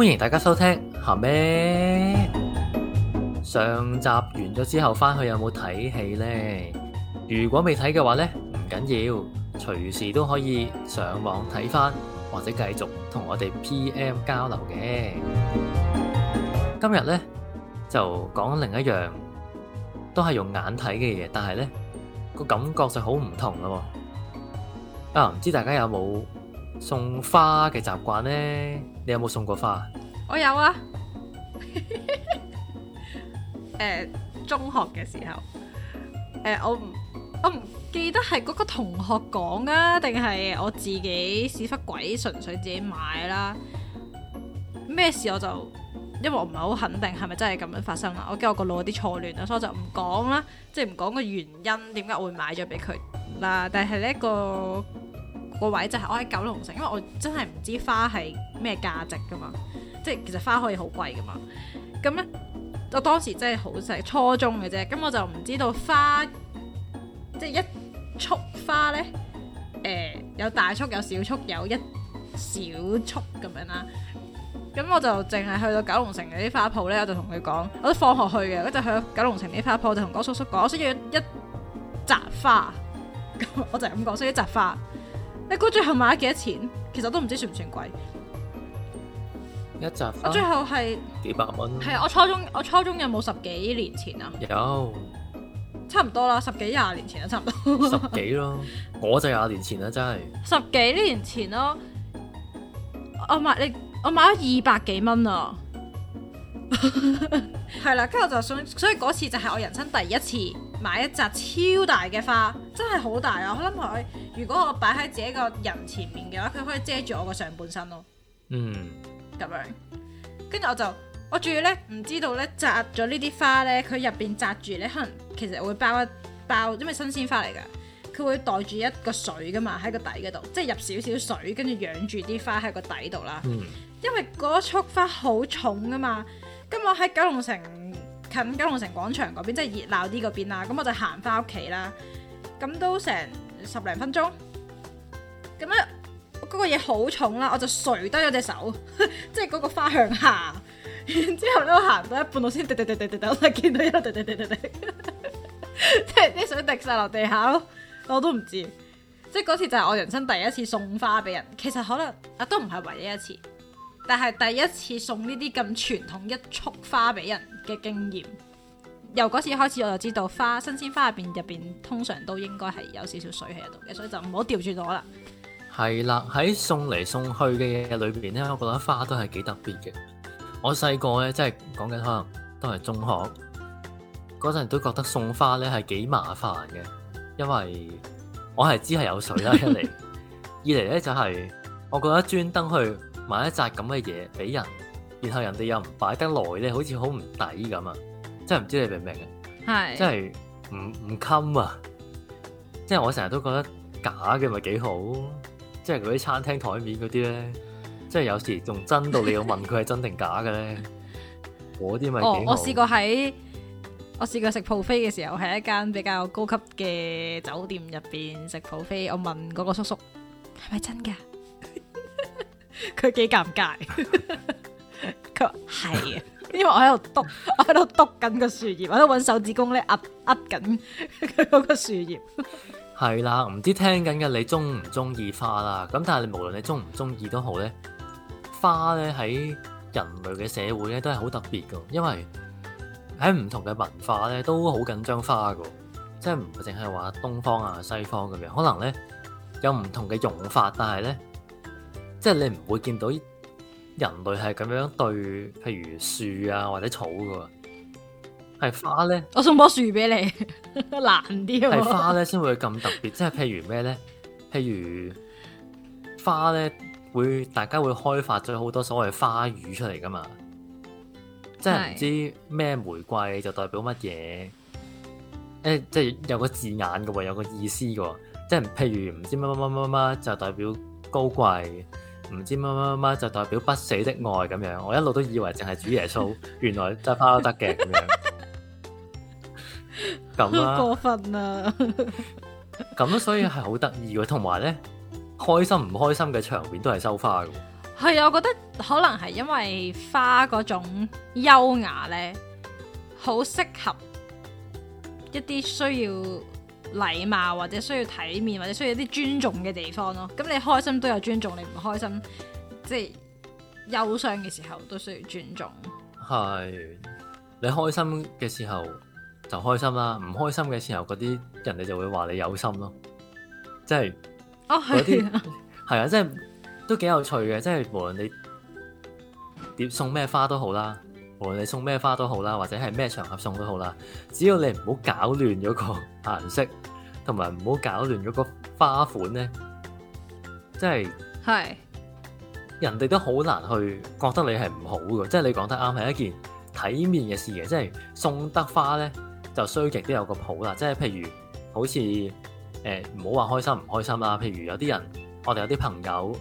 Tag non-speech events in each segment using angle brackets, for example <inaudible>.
歡迎大家收聽。後尾上集完咗之後，翻去有冇睇戲呢？如果未睇嘅話呢，唔緊要，隨時都可以上網睇翻，或者繼續同我哋 PM 交流嘅。今日呢，就講另一樣，都係用眼睇嘅嘢，但係呢，個感覺就好唔同咯。啊，唔知大家有冇送花嘅習慣呢？你有冇送過花？我有啊， <laughs> 誒、呃，中學嘅時候，誒、呃，我唔我唔記得係嗰個同學講啊，定係我自己屎忽鬼純粹自己買啦。咩事我就因為我唔係好肯定係咪真係咁樣發生啦，我驚我個腦有啲錯亂啊，所以我就唔講啦，即係唔講個原因，點解我會買咗俾佢嗱？但係呢，這個。個位就係我喺九龍城，因為我真係唔知花係咩價值噶嘛，即係其實花可以好貴噶嘛。咁咧，我當時真係好細，初中嘅啫。咁我就唔知道花，即係一束花咧，誒，有大束有小束，有一小束咁樣啦。咁我就淨係去到九龍城嗰啲花鋪咧，我就同佢講，我都放學去嘅，我就去到九龍城啲花鋪，就同個叔叔講，我需要一紮花，咁我就咁講，需要一紮花。你估最後買咗幾多錢？其實都唔知算唔算貴。一扎。我最後係幾百蚊啊。係啊，我初中我初中有冇十幾年前啊？有。差唔多啦，十幾廿年前都差唔多啦。十幾咯。我就廿年前啦，真係。十幾年前咯。我買你，我買咗二百幾蚊啊！係 <laughs> 啦，跟住我就想，所以嗰次就係我人生第一次買一紮超大嘅花，真係好大啊！我諗佢如果我擺喺自己個人前面嘅話，佢可以遮住我個上半身咯。嗯，咁樣。跟住我就，我仲要咧唔知道咧扎咗呢啲花咧，佢入邊紮住咧，可能其實我會包一包，因為是新鮮花嚟噶，佢會袋住一個水噶嘛，喺個底嗰度，即係入少少水，跟住養住啲花喺個底度啦。嗯，因為嗰束花好重噶嘛。今日喺九龍城近九龍城廣場嗰邊，即係熱鬧啲嗰邊啦。咁我就行返屋企啦，咁都成十零分鐘。咁咧，嗰個嘢好重啦，我就垂低咗隻手，即係嗰個花向下。然之後咧，我行到一半路，我先滴滴滴滴滴，我見到有滴滴滴滴滴， <laughs> 即係啲水滴晒落地下咯。我都唔知，即係嗰次就係我人生第一次送花俾人。其實可能啊，都唔係唯一一次。但係第一次送呢啲咁傳統一束花俾人嘅經驗，由嗰次開始我就知道花新鮮花入邊入邊通常都應該係有少少水喺度嘅，所以就唔好掉住咗啦。係啦，喺送嚟送去嘅嘢裏邊咧，我覺得花都係幾特別嘅。我細個咧，即係講緊可能都係中學嗰陣，都覺得送花咧係幾麻煩嘅，因為我係知係有水啦一嚟， <laughs> 二嚟咧就係、是、我覺得專登去。買一紮咁嘅嘢俾人，然後人哋又唔擺得耐咧，好似好唔抵咁啊！真係唔知你明唔明？啊？係，真係唔唔親啊！即係我成日都覺得假嘅咪幾好，即係嗰啲餐廳台面嗰啲咧，即係有時仲真到你要問佢係真定 <laughs> 假嘅咧。嗰啲咪哦，幾我試過喺我試過食 b u 嘅時候，喺一間比較高級嘅酒店入邊食 b u 我問嗰個叔叔係咪真嘅？佢幾尷尬，佢 <laughs> 係它說 <laughs> 啊，因為我喺度篤，我喺度篤緊個樹葉，我喺度揾手指公咧，壓壓緊佢嗰個樹葉。係啦，唔知道聽緊嘅你中唔中意花啦？咁但係你無論你中唔中意都好咧，花咧喺人類嘅社會咧都係好特別噶，因為喺唔同嘅文化咧都好緊張花噶，即係唔淨係話東方啊西方咁樣，可能咧有唔同嘅用法，但係咧。即係你唔會見到人類係咁樣對，譬如樹啊或者草噶係花咧。我送棵樹俾你， <laughs> 難啲，啊。係花咧先會咁特別，即係譬如咩咧？譬如花咧，會大家會開發咗好多所謂花語出嚟噶嘛？即係唔知咩玫瑰就代表乜嘢？誒、欸，即係有個字眼噶喎，有個意思噶，即係譬如唔知乜乜乜乜乜就代表高貴。唔知乜乜乜就代表不死的愛咁樣，我一路都以為淨係主耶穌， <laughs> 原來真係花都得嘅咁樣。咁 <laughs> 啊過分啊！咁所以係好得意嘅，同埋咧，開心唔開心嘅場面都係收花嘅。係啊，我覺得可能係因為花嗰種優雅咧，好適合一啲需要。禮貌或者需要體面或者需要啲尊重嘅地方咯，咁你開心都有尊重，你唔開心即係、就是、憂傷嘅時候都需要尊重。係，你開心嘅時候就開心啦，唔開心嘅時候嗰啲人哋就會話你有心咯，即係哦，嗰啲係啊，即 <laughs> 係、就是、都幾有趣嘅，即、就、係、是、無論你點送咩花都好啦。無論你送咩花都好啦，或者係咩場合送都好啦，只要你唔好搞亂嗰個顏色，同埋唔好搞亂嗰個花款咧，即係係人哋都好難去覺得你係唔好嘅，即係你講得啱，係一件體面嘅事嘅，即係送得花咧就衰極都有個譜啦，即係譬如好似誒唔好話開心唔開心啦，譬如有啲人，我哋有啲朋友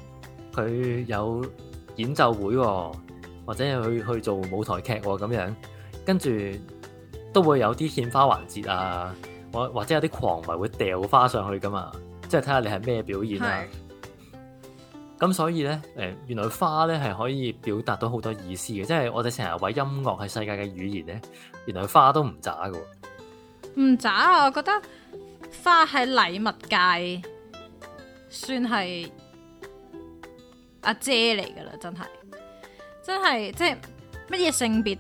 佢有演奏會、哦。或者去去做舞台劇咁、哦、樣，跟住都會有啲獻花環節啊，或或者有啲狂迷會掉花上去噶嘛，即係睇下你係咩表演啊。咁所以咧，誒，原來花咧係可以表達到好多意思嘅，即係我哋成日話音樂係世界嘅語言咧，原來花都唔渣噶。唔渣啊！我覺得花喺禮物界算係阿姐嚟噶啦，真係。真係即係乜嘢性別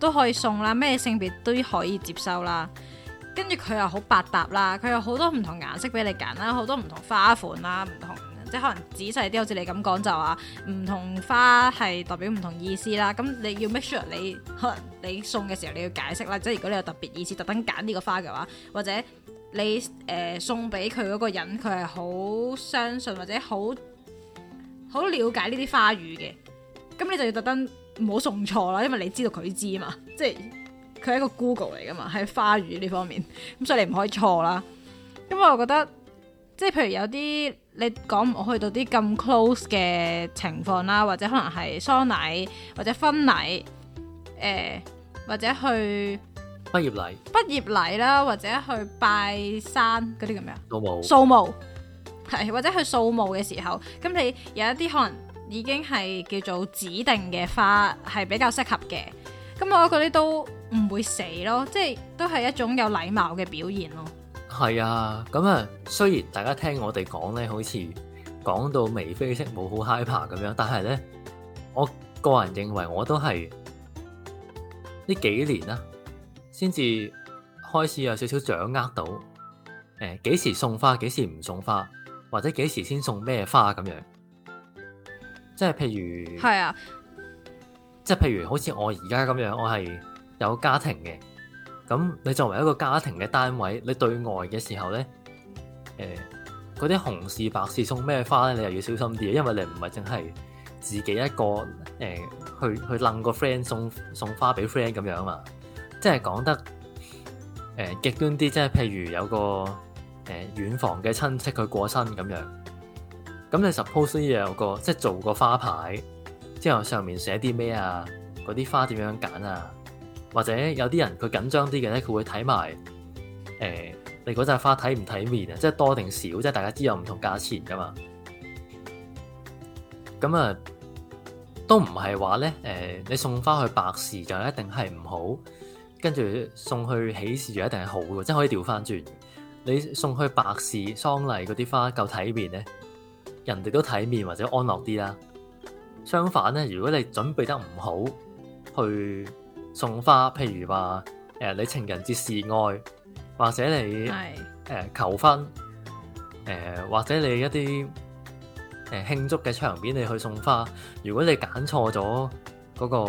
都可以送啦，乜嘢性別都可以接收啦。跟住佢又好百搭啦，佢有好多唔同顏色俾你揀啦，好多唔同花款啦，唔同即係可能仔細啲，好似你咁講就話，唔同花係代表唔同意思啦。咁你要 make sure 你可能你送嘅時候你要解釋啦，即係如果你有特別意思，特登揀呢個花嘅話，或者你誒、呃、送俾佢嗰個人，佢係好相信或者好好了解呢啲花語嘅。咁你就要特登唔好送錯啦，因為你知道佢知嘛，即係佢係一個 Google 嚟噶嘛，喺花語呢方面，咁所以你唔可以錯啦。因為我覺得，即係譬如有啲你講唔去到啲咁 close 嘅情況啦，或者可能係喪禮或者婚禮，誒、呃、或者去畢業禮、畢業禮啦，或者去拜山嗰啲叫咩啊？掃墓、掃墓係，或者去掃墓嘅時候，咁你有一啲可能。已經係叫做指定嘅花，係比較適合嘅。咁我覺得啲都唔會死咯，即係都係一種有禮貌嘅表現咯。係啊，咁啊，雖然大家聽我哋講咧，好似講到眉飛色舞、好 hyper 咁樣，但係咧，我個人認為我都係呢幾年啦、啊，先至開始有少少掌握到，誒幾時送花，幾時唔送花，或者幾時先送咩花咁樣。即係譬如，係啊，即係譬如，好似我而家咁樣，我係有家庭嘅。咁你作為一個家庭嘅單位，你對外嘅時候咧，誒、呃，嗰啲紅事白事送咩花咧，你又要小心啲，因為你唔係淨係自己一個誒、呃，去去楞個 friend 送送花俾 friend 咁樣啊。即係講得誒呃、極端啲，即係譬如有個誒呃、遠房嘅親戚佢過身咁樣。咁你 suppose 要有個即係做個花牌，之後上面寫啲咩啊？嗰啲花點樣揀啊？或者有啲人佢緊張啲嘅咧，佢會睇埋、呃、你嗰扎花睇唔睇面啊？即係多定少？即係大家知有唔同價錢噶嘛？咁啊，都唔係話咧呃、你送花去白事就一定係唔好，跟住送去喜事就一定係好嘅，即係可以調翻轉。你送去白事喪禮嗰啲花夠睇面咧？人哋都體面或者安樂啲啦。相反咧，如果你準備得唔好去送花，譬如話、呃、你情人節示愛，或者你、呃、求婚、呃，或者你一啲誒、呃、慶祝嘅場面你去送花，如果你揀錯咗嗰個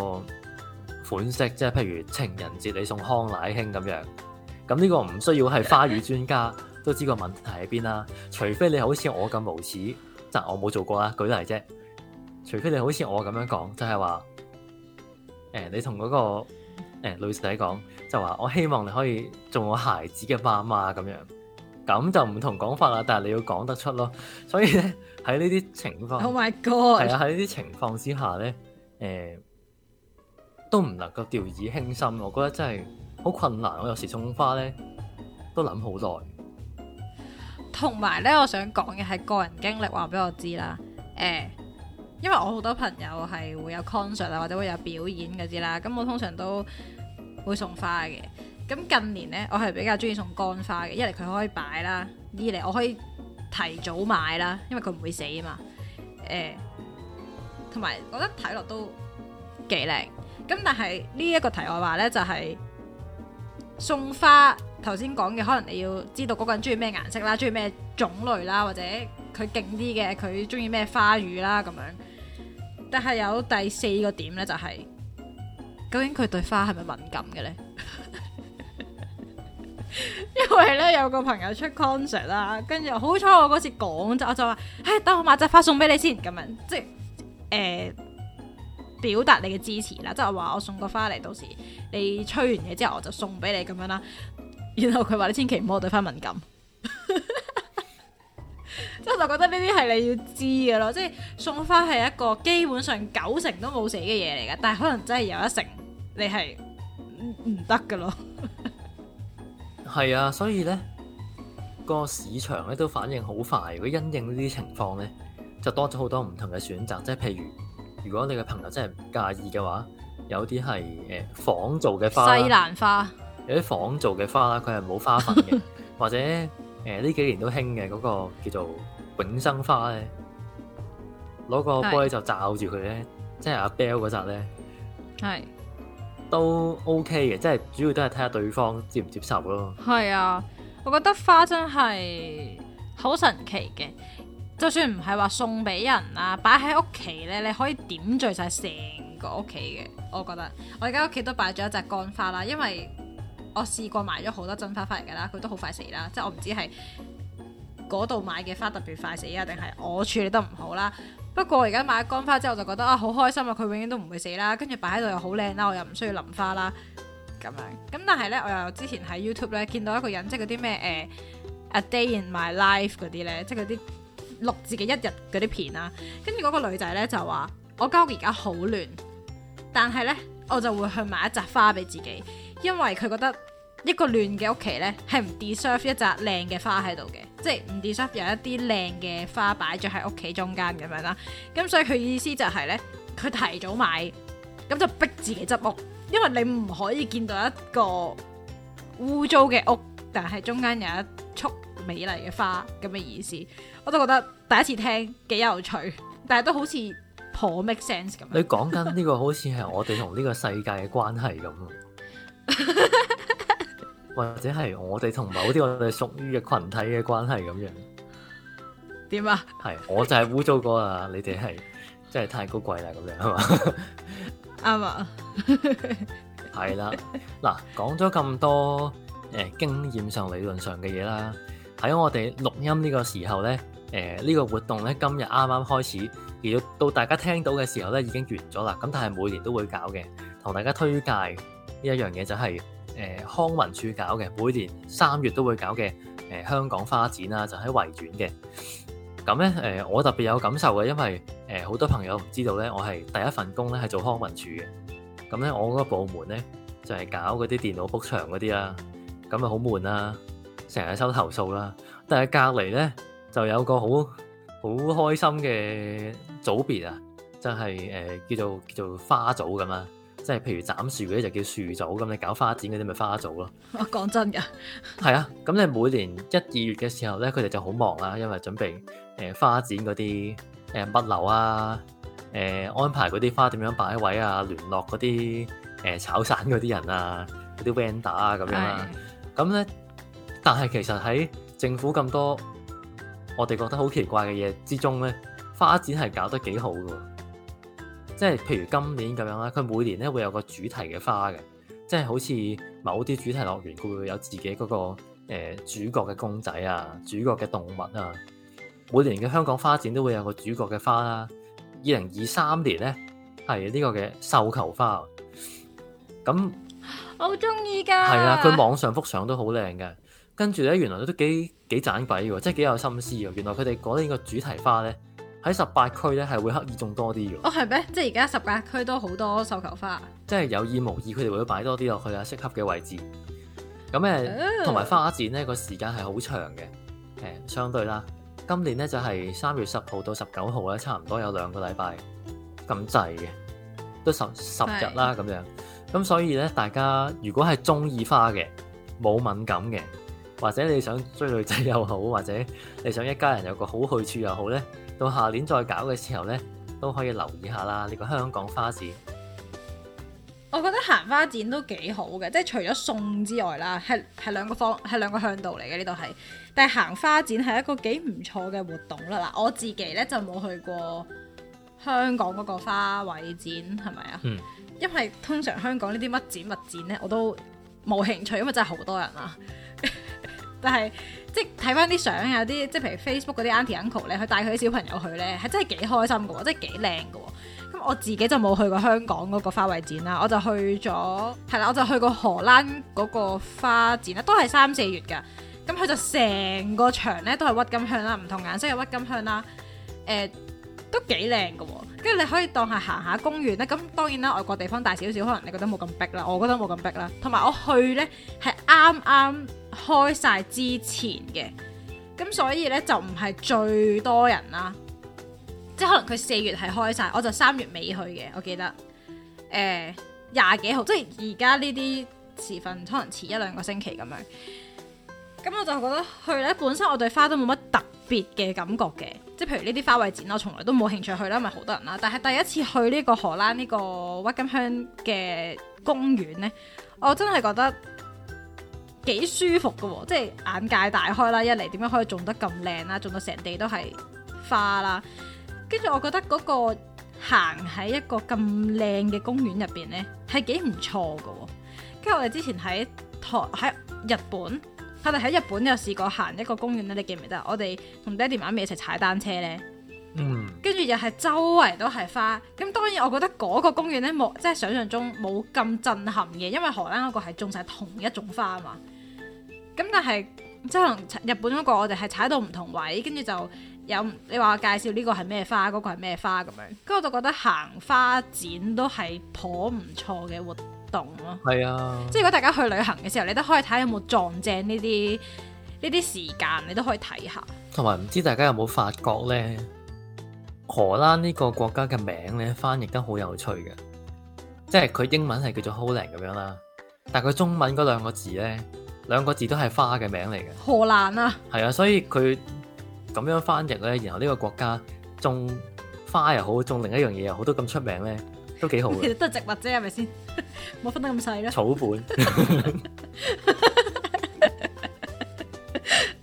款式，即係譬如情人節你送康乃馨咁樣，咁呢個唔需要係花語專家都知個問題喺邊啦。除非你好似我咁無恥。但我冇做過啊，舉例啫。除非你好似我咁樣講，就係話誒，你同嗰、嗰個、呃、女仔講，就話我希望你可以做我孩子嘅爸媽咁樣，咁就唔同講法啦。但係你要講得出咯。所以咧，喺呢啲情況，Oh my God，係啊，喺呢啲情況之下咧，誒、呃、都唔能夠掉以輕心。我覺得真係好困難。我有時種花咧都諗好耐。同埋咧，我想講嘅係個人經歷，話俾我知啦。誒，因為我好多朋友係會有 concert 啊，或者會有表演嗰啲啦，咁我通常都會送花嘅。咁近年呢，我係比較中意送乾花嘅，一嚟佢可以擺啦，二嚟我可以提早買啦，因為佢唔會死啊嘛。誒，同埋我覺得睇落都幾靚。咁但係呢一個題外話呢，就係送花。頭先講嘅，可能你要知道嗰個人中意咩顏色啦，中意咩種類啦，或者佢勁啲嘅，佢中意咩花語啦，咁樣。但係有第四個點咧，就係，就係究竟佢對花係咪敏感嘅咧？ <laughs> 因為咧有個朋友出 concert 啦，跟住好彩我嗰次講，我就話，唉，等我買隻花送俾你先，咁樣，樣，即係誒、呃、表達你嘅支持啦。即係我話我送個花嚟，到時你吹完嘢之後，我就送俾你咁樣啦。然後佢話你千祈唔好對翻敏感，即係我就覺得呢啲係你要知嘅咯。即係送花係一個基本上九成都冇死嘅嘢嚟嘅，但係可能真係有一成你係唔得嘅咯。係 <laughs> 啊，所以呢，呢個市場咧都反應好快。如果因應呢啲情況呢，就多咗好多唔同嘅選擇。即係譬如，如果你嘅朋友真係唔介意嘅話，有啲係誒仿造嘅花，西蘭花。有啲仿造嘅花啦，佢係冇花粉嘅。 <laughs> 或者誒呢、呃、幾年都興嘅嗰個叫做永生花咧，攞個玻璃就罩住佢咧，即係阿 Bell 嗰紮咧，係都 OK 嘅，即係主要都係睇下對方接唔接受咯。係啊，我覺得花真係好神奇嘅，就算唔係話送俾人啊，擺喺屋企咧，你可以點綴晒成個屋企嘅。我覺得我而家屋企都擺咗一紮乾花啦，因為，我試過買咗好多真花翻嚟噶啦，佢都好快死啦。即係我唔知係嗰度買嘅花特別快死啊，定係我處理得唔好啦。不過我而家買乾花之後，我就覺得啊，好開心啊，佢永遠都唔會死啦。跟住擺喺度又好靚啦，我又唔需要淋花啦。咁樣咁，但係呢，我又之前喺 YouTube 咧見到一個人，即係嗰啲咩誒 A Day in My Life 嗰啲呢，即係嗰啲錄自己一日嗰啲片啦。跟住嗰個女仔呢，就話：我間屋而家好亂，但係呢，我就會去買一扎花俾自己。因為佢覺得一個亂嘅屋企呢，係唔 deserve 一扎靚嘅花喺度嘅，即係唔 deserve 有一啲靚嘅花擺咗喺屋企中間咁樣啦。咁、嗯、所以佢意思就係呢，佢提早買，咁就逼自己執屋，因為你唔可以見到一個污糟嘅屋，但係中間有一束美麗嘅花咁嘅意思。我都覺得第一次聽幾有趣，但係都好似頗 make sense 咁。你講緊呢個好似係我哋同呢個世界嘅關係咁 <laughs> 或者係我哋同某啲我哋屬於嘅群體嘅關係咁樣，點啊？係， <laughs> 我就係污糟過啊！你哋係真係太高貴啦，咁樣係嘛？啱 <laughs> 啊 <laughs> <laughs> <laughs> 係啦，嗱，講咗咁多誒，經驗上、理論上嘅嘢啦，喺我哋錄音呢個時候咧，誒、呃、呢、這個活動咧，今日啱啱開始，而到到大家聽到嘅時候咧，已經完咗啦。咁但係每年都會搞嘅，同大家推介。呢一樣嘢就係、是、誒、呃、康文署搞嘅，每年三月都會搞嘅誒、呃、香港花展啦，就喺維園嘅。咁咧誒，我特別有感受嘅，因為誒好、呃、多朋友唔知道咧，我係第一份工咧係做康文署嘅。咁咧，我嗰個部門咧就係、是、搞嗰啲電腦 book 場嗰啲啊，咁啊好悶啊，成日收投訴啦。但係隔籬咧就有個好好開心嘅組別啊，就係、是、誒、呃、叫做叫做花組咁啊。即係譬如斬樹嗰啲就叫樹組咁，咁你搞花展嗰啲咪花組咯。我，講真㗎。係啊，咁你每年一二月嘅時候咧，佢哋就好忙啊，因為準備誒花、呃、展嗰啲誒物流啊，誒、呃、安排嗰啲花點樣擺位啊，聯絡嗰啲誒炒散嗰啲人啊，嗰啲 vendor 啊咁樣啊。咁咧，但係其實喺政府咁多我哋覺得好奇怪嘅嘢之中咧，花展係搞得幾好㗎喎。即係譬如今年咁樣啦，佢每年咧會有個主題嘅花嘅，即係好似某啲主題樂園佢會有自己嗰、那個誒、呃、主角嘅公仔啊，主角嘅動物啊，每年嘅香港花展都會有個主角嘅花啦、啊。二零二三年咧係呢個嘅繡球花，咁我好中意噶，係啊，佢網上幅相都好靚嘅，跟住咧原來都幾幾盞鬼嘅，即係幾有心思喎。原來佢哋講呢個主題花咧。喺十八區咧，係會刻意種多啲嘅。哦，係咩？即係而家十八區都好多繡球花，即係有意無意，佢哋會擺多啲落去啊，適合嘅位置。咁誒，同埋花展呢個時間係好長嘅誒、欸，相對啦。今年咧就係三月十號到十九號咧，差唔多有兩個禮拜咁滯嘅，都十十日啦咁樣。咁所以咧，大家如果係中意花嘅，冇敏感嘅，或者你想追女仔又好，或者你想一家人有個好去處又好咧。到下年再搞嘅時候呢，都可以留意下啦。呢個香港花展，我覺得行花展都幾好嘅，即係除咗送之外啦，係係兩個方係兩個向度嚟嘅呢度係。但係行花展係一個幾唔錯嘅活動啦。嗱，我自己呢，就冇去過香港嗰個花卉展係咪啊？嗯、因為通常香港呢啲乜展乜展呢，我都冇興趣，因為真係好多人啊。但係即係睇翻啲相有啲即係譬如 Facebook 嗰啲 uncle 咧，佢帶佢啲小朋友去咧，係真係幾開心㗎喎，真係幾靚㗎喎。咁我自己就冇去過香港嗰個花卉展啦，我就去咗係啦，我就去過荷蘭嗰個花展啦，都係三四月㗎。咁佢就成個場咧都係郁金香啦，唔同顏色嘅鬱金香啦，誒、欸、都幾靚㗎喎。跟住你可以當係行下公園咧，咁當然啦，外國地方大少少，可能你覺得冇咁逼啦，我覺得冇咁逼啦。同埋我去呢係啱啱開晒之前嘅，咁所以呢就唔係最多人啦，即係可能佢四月係開晒，我就三月尾去嘅，我記得，誒，廿幾號，即係而家呢啲時份，可能遲一兩個星期咁樣。咁我就覺得去咧，本身我對花都冇乜特別嘅感覺嘅，即係譬如呢啲花卉展，我從來都冇興趣去啦，因為好多人啦。但係第一次去呢個荷蘭呢個鬱金香嘅公園呢，我真係覺得幾舒服㗎喎，即係眼界大開啦。一嚟點樣可以種得咁靚啦，種到成地都係花啦。跟住我覺得嗰個行喺一個咁靚嘅公園入邊呢，係幾唔錯㗎。跟住我哋之前喺台喺日本。佢哋喺日本有試過行一個公園咧，你記唔記得？我哋同爹哋媽咪一齊踩單車咧，跟、嗯、住又係周圍都係花。咁當然我覺得嗰個公園咧冇即係想象中冇咁震撼嘅，因為荷蘭嗰個係種曬同一種花啊嘛。咁但係即係日本嗰個，我哋係踩到唔同位，跟住就有你話介紹呢個係咩花，嗰、那個係咩花咁樣。跟住我就覺得行花展都係頗唔錯嘅活。係啊！即係如果大家去旅行嘅時候，你都可以睇有冇撞正呢啲呢啲時間，你都可以睇下。同埋唔知大家有冇發覺呢，荷蘭呢個國家嘅名呢，翻譯得好有趣嘅，即係佢英文係叫做 Holland 咁樣啦，但係佢中文嗰兩個字呢，兩個字都係花嘅名嚟嘅。荷蘭啊，係啊，所以佢咁樣翻譯呢，然後呢個國家種花又好，種另一樣嘢又好，都咁出名呢。都幾好，其實都係植物啫，係咪先？冇 <laughs> 分得咁細啦。草本。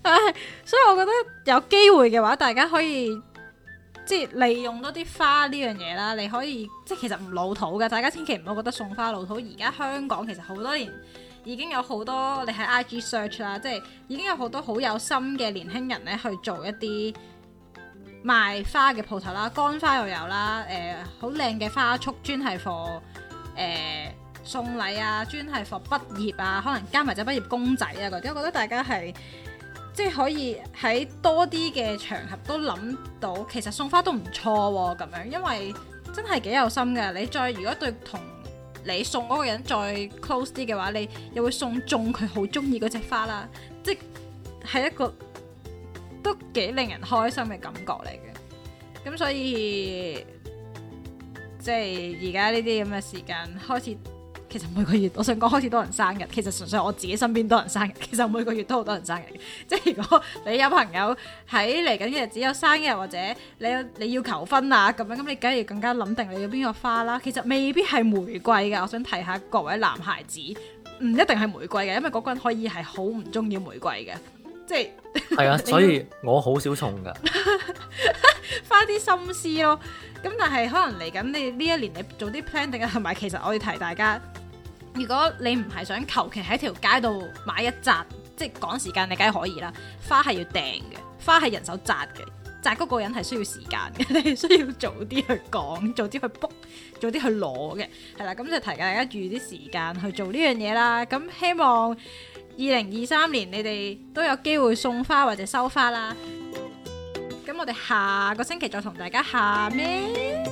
唉、 <laughs> <laughs> <laughs> 啊，所以我覺得有機會嘅話，大家可以即係利用多啲花呢樣嘢啦。你可以即係其實唔老土嘅，大家千祈唔好覺得送花老土。而家香港其實好多年已經有好多，你喺 IG search 啦，即係已經有好多好有心嘅年輕人咧去做一啲，賣花嘅鋪頭啦，乾花又有啦，誒好靚嘅花束專係 for 誒送禮啊，專係 for 畢業啊，可能加埋咗畢業公仔啊嗰啲，我覺得大家係即係可以喺多啲嘅場合都諗到，其實送花都唔錯喎、啊、咁樣，因為真係幾有心嘅。你再如果對同你送嗰個人再 close 啲嘅話，你又會送中佢好中意嗰隻花啦，即係一個。都幾令人開心嘅感覺嚟嘅，咁所以即係而家呢啲咁嘅時間開始，其實每個月我想講開始多人生日，其實純粹我自己身邊多人生日，其實每個月都好多人生日。即係，如果你有朋友喺嚟緊嘅日子有生日或者你有你要求婚啊咁樣，咁你梗係要更加諗定你要邊個花啦。其實未必係玫瑰噶，我想提下各位男孩子，唔一定係玫瑰嘅，因為嗰個人可以係好唔中意玫瑰嘅。即係係啊，所以我好少送噶， <laughs> 花啲心思咯。咁但係可能嚟緊，你呢一年你做啲 plan 定啊，係咪？其實我要提大家，如果你唔係想求其喺條街度買一紮，即係趕時間，你梗係可以啦。花係要訂嘅，花係人手紮嘅，紮嗰個人係需要時間嘅，你係需要早啲去講，早啲去 book，早啲去攞嘅，係啦、啊。咁就提大家注意啲時間去做呢樣嘢啦。咁希望。二零二三年，你哋都有機會送花或者收花啦，咁我哋下個星期再同大家下咩？